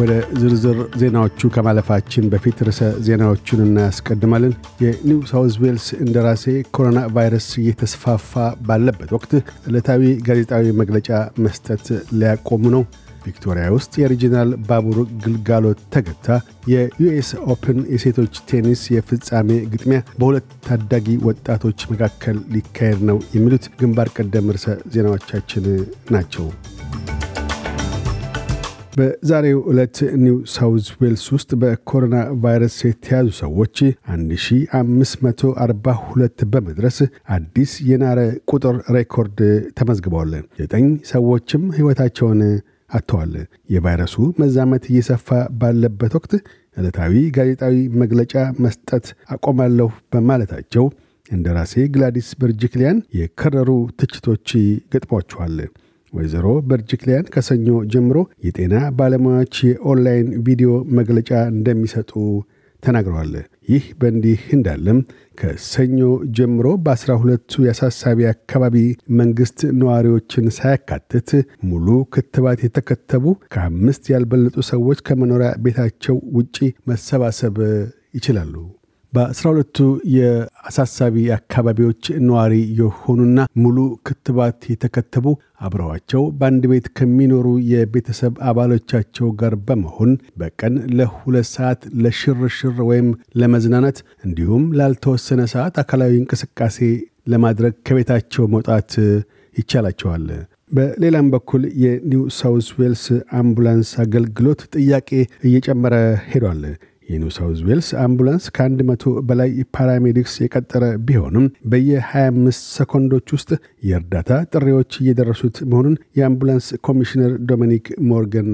ወደ ዝርዝር ዜናዎቹ ከማለፋችን በፊት ርዕሰ ዜናዎቹን እናያስቀድማልን የኒው ሳውዝ ዌልስ እንደራሴ ኮሮና ቫይረስ እየተስፋፋ ባለበት ወቅት ዕለታዊ ጋዜጣዊ መግለጫ መስጠት ሊያቆሙ ነው። ቪክቶሪያ ውስጥ የሪጂናል ባቡር ግልጋሎት ተገታ። የዩኤስ ኦፕን የሴቶች ቴኒስ የፍጻሜ ግጥሚያ በሁለት ታዳጊ ወጣቶች መካከል ሊካሄድ ነው። የሚሉት ግንባር ቀደም ርዕሰ ዜናዎቻችን ናቸው። በዛሬው ዕለት ኒው ሳውዝ ዌልስ ውስጥ በኮሮና ቫይረስ የተያዙ ሰዎች 1542 በመድረስ አዲስ የናረ ቁጥር ሬኮርድ ተመዝግበዋል። ዘጠኝ ሰዎችም ሕይወታቸውን አጥተዋል። የቫይረሱ መዛመት እየሰፋ ባለበት ወቅት ዕለታዊ ጋዜጣዊ መግለጫ መስጠት አቆማለሁ በማለታቸው እንደራሴ ግላዲስ በርጅክሊያን የከረሩ ትችቶች ገጥሟቸዋል። ወይዘሮ በርጅክሊያን ከሰኞ ጀምሮ የጤና ባለሙያዎች የኦንላይን ቪዲዮ መግለጫ እንደሚሰጡ ተናግረዋል። ይህ በእንዲህ እንዳለም ከሰኞ ጀምሮ በአስራ ሁለቱ የአሳሳቢ አካባቢ መንግስት ነዋሪዎችን ሳያካትት ሙሉ ክትባት የተከተቡ ከአምስት ያልበለጡ ሰዎች ከመኖሪያ ቤታቸው ውጪ መሰባሰብ ይችላሉ። በአስራ ሁለቱ የአሳሳቢ አካባቢዎች ነዋሪ የሆኑና ሙሉ ክትባት የተከተቡ አብረዋቸው በአንድ ቤት ከሚኖሩ የቤተሰብ አባሎቻቸው ጋር በመሆን በቀን ለሁለት ሰዓት ለሽርሽር ወይም ለመዝናናት እንዲሁም ላልተወሰነ ሰዓት አካላዊ እንቅስቃሴ ለማድረግ ከቤታቸው መውጣት ይቻላቸዋል። በሌላም በኩል የኒው ሳውስ ዌልስ አምቡላንስ አገልግሎት ጥያቄ እየጨመረ ሄዷል። የኒው ሳውዝ ዌልስ አምቡላንስ ከአንድ መቶ በላይ ፓራሜዲክስ የቀጠረ ቢሆንም በየ25 ሰኮንዶች ውስጥ የእርዳታ ጥሪዎች እየደረሱት መሆኑን የአምቡላንስ ኮሚሽነር ዶሚኒክ ሞርገን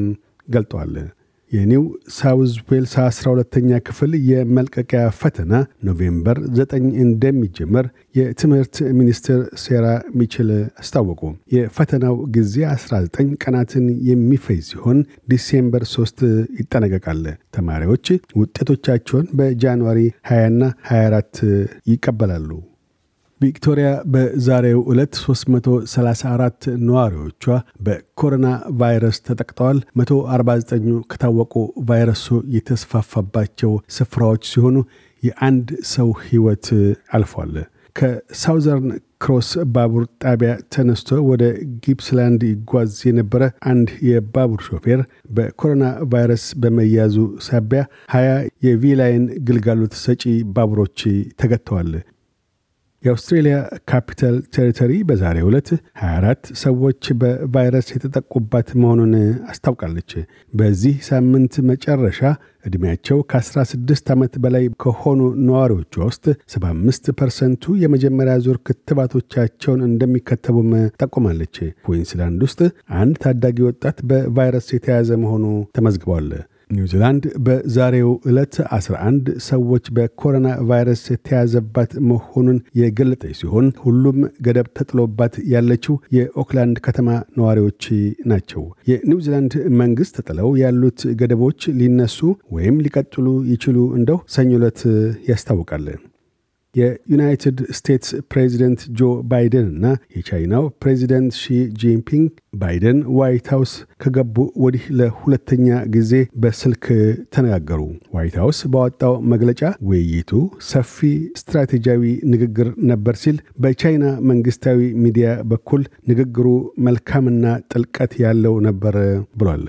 ገልጠዋል። የኒው ሳውዝ ዌልስ 12 ሁለተኛ ክፍል የመልቀቂያ ፈተና ኖቬምበር 9 እንደሚጀመር የትምህርት ሚኒስትር ሴራ ሚችል አስታወቁ። የፈተናው ጊዜ 19 ቀናትን የሚፈይ ሲሆን ዲሴምበር 3 ይጠነቀቃል። ተማሪዎች ውጤቶቻቸውን በጃንዋሪ 20ና 24 ይቀበላሉ። ቪክቶሪያ በዛሬው ዕለት 334 ነዋሪዎቿ በኮሮና ቫይረስ ተጠቅጠዋል 149 149ኙ ከታወቁ ቫይረሱ የተስፋፋባቸው ስፍራዎች ሲሆኑ የአንድ ሰው ሕይወት አልፏል። ከሳውዘርን ክሮስ ባቡር ጣቢያ ተነስቶ ወደ ጊፕስላንድ ይጓዝ የነበረ አንድ የባቡር ሾፌር በኮሮና ቫይረስ በመያዙ ሳቢያ ሀያ የቪላይን ግልጋሎት ሰጪ ባቡሮች ተገጥተዋል። የአውስትሬሊያ ካፒታል ቴሪተሪ በዛሬ ዕለት 24 ሰዎች በቫይረስ የተጠቁባት መሆኑን አስታውቃለች። በዚህ ሳምንት መጨረሻ ዕድሜያቸው ከ16 ዓመት በላይ ከሆኑ ነዋሪዎች ውስጥ 75 ፐርሰንቱ የመጀመሪያ ዙር ክትባቶቻቸውን እንደሚከተቡም ጠቁማለች። ኩዊንስላንድ ውስጥ አንድ ታዳጊ ወጣት በቫይረስ የተያዘ መሆኑ ተመዝግቧል። ኒውዚላንድ በዛሬው ዕለት 11 ሰዎች በኮሮና ቫይረስ የተያዘባት መሆኑን የገለጠች ሲሆን ሁሉም ገደብ ተጥሎባት ያለችው የኦክላንድ ከተማ ነዋሪዎች ናቸው። የኒውዚላንድ መንግስት ተጥለው ያሉት ገደቦች ሊነሱ ወይም ሊቀጥሉ ይችሉ እንደው ሰኞ ዕለት ያስታውቃል። የዩናይትድ ስቴትስ ፕሬዚደንት ጆ ባይደን እና የቻይናው ፕሬዚደንት ሺ ጂንፒንግ ባይደን ዋይት ሀውስ ከገቡ ወዲህ ለሁለተኛ ጊዜ በስልክ ተነጋገሩ። ዋይት ሀውስ ባወጣው መግለጫ ውይይቱ ሰፊ ስትራቴጂያዊ ንግግር ነበር ሲል በቻይና መንግስታዊ ሚዲያ በኩል ንግግሩ መልካምና ጥልቀት ያለው ነበር ብሏል።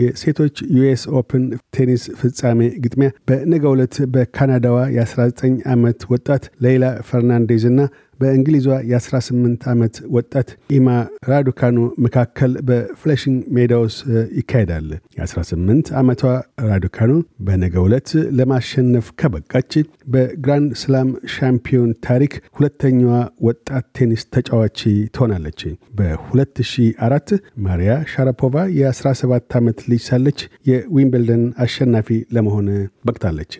የሴቶች ዩኤስ ኦፕን ቴኒስ ፍጻሜ ግጥሚያ በነገ ዕለት በካናዳዋ የ19 ዓመት ወጣት ሌይላ ፈርናንዴዝና በእንግሊዟ የ18 ዓመት ወጣት ኢማ ራዱካኑ መካከል በፍሌሽንግ ሜዳውስ ይካሄዳል። የ18 ዓመቷ ራዱካኑ በነገ ዕለት ለማሸነፍ ከበቃች በግራንድ ስላም ሻምፒዮን ታሪክ ሁለተኛዋ ወጣት ቴኒስ ተጫዋች ትሆናለች። በ2004 ማሪያ ሻራፖቫ የ17 ዓመት ልጅ ሳለች የዊምብልደን አሸናፊ ለመሆን በቅታለች።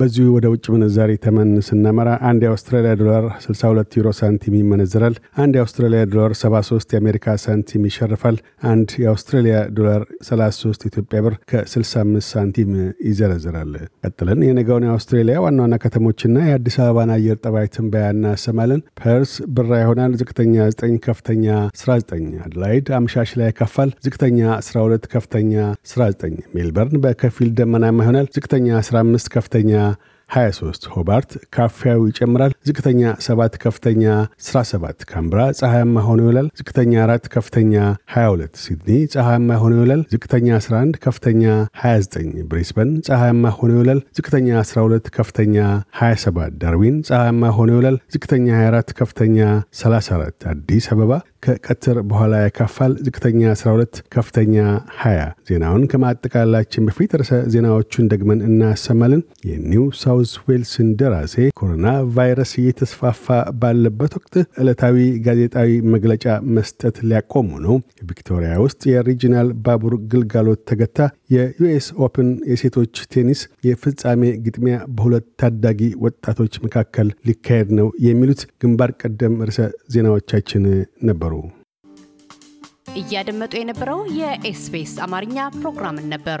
በዚሁ ወደ ውጭ ምንዛሪ ተመን ስናመራ አንድ የአውስትራሊያ ዶላር 62 ዩሮ ሳንቲም ይመነዝራል። አንድ የአውስትራሊያ ዶላር 73 የአሜሪካ ሳንቲም ይሸርፋል። አንድ የአውስትራሊያ ዶላር 33 ኢትዮጵያ ብር ከ65 ሳንቲም ይዘረዝራል። ቀጥለን የነገውን የአውስትሬሊያ ዋና ዋና ከተሞችና የአዲስ አበባን አየር ጠባይ ትንበያ እናሰማለን። ፐርስ ብራ ይሆናል። ዝቅተኛ 9 ከፍተኛ 19። አድላይድ አምሻሽ ላይ ያካፋል። ዝቅተኛ 12 ከፍተኛ 19። ሜልበርን በከፊል ደመናማ ይሆናል። ዝቅተኛ 15 ከፍተኛ 23 ሆባርት ካፊያው ይጨምራል ዝቅተኛ 7 ከፍተኛ 17 ካምብራ ፀሐያማ ሆኖ ይውላል። ዝቅተኛ 4 ከፍተኛ 22 ሲድኒ ፀሐያማ ሆኖ ይውላል። ዝቅተኛ 11 ከፍተኛ 29 ብሪስበን ፀሐያማ ሆኖ ይውላል። ዝቅተኛ 12 ከፍተኛ 27 ዳርዊን ፀሐያማ ሆኖ ይውላል። ዝቅተኛ 24 ከፍተኛ 34 አዲስ አበባ ከቀትር በኋላ ያካፋል። ዝቅተኛ 12 ከፍተኛ 20። ዜናውን ከማጠቃላችን በፊት ርዕሰ ዜናዎቹን ደግመን እናሰማለን። የኒው ሳውዝ ዌልስ ደራሴ ኮሮና ቫይረስ ቫይረስ እየተስፋፋ ባለበት ወቅት ዕለታዊ ጋዜጣዊ መግለጫ መስጠት ሊያቆሙ ነው። ቪክቶሪያ ውስጥ የሪጂናል ባቡር ግልጋሎት ተገታ። የዩኤስ ኦፕን የሴቶች ቴኒስ የፍጻሜ ግጥሚያ በሁለት ታዳጊ ወጣቶች መካከል ሊካሄድ ነው የሚሉት ግንባር ቀደም ርዕሰ ዜናዎቻችን ነበሩ። እያደመጡ የነበረው የኤስቢኤስ አማርኛ ፕሮግራምን ነበር።